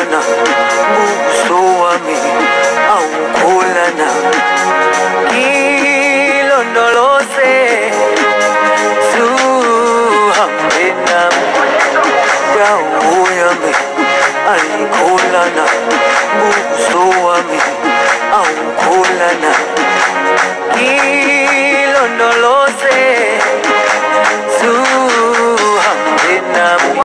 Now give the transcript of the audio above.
sana uso wami aukulana kilondolose suhambe nami yawo yami alikulana uso wami aukulana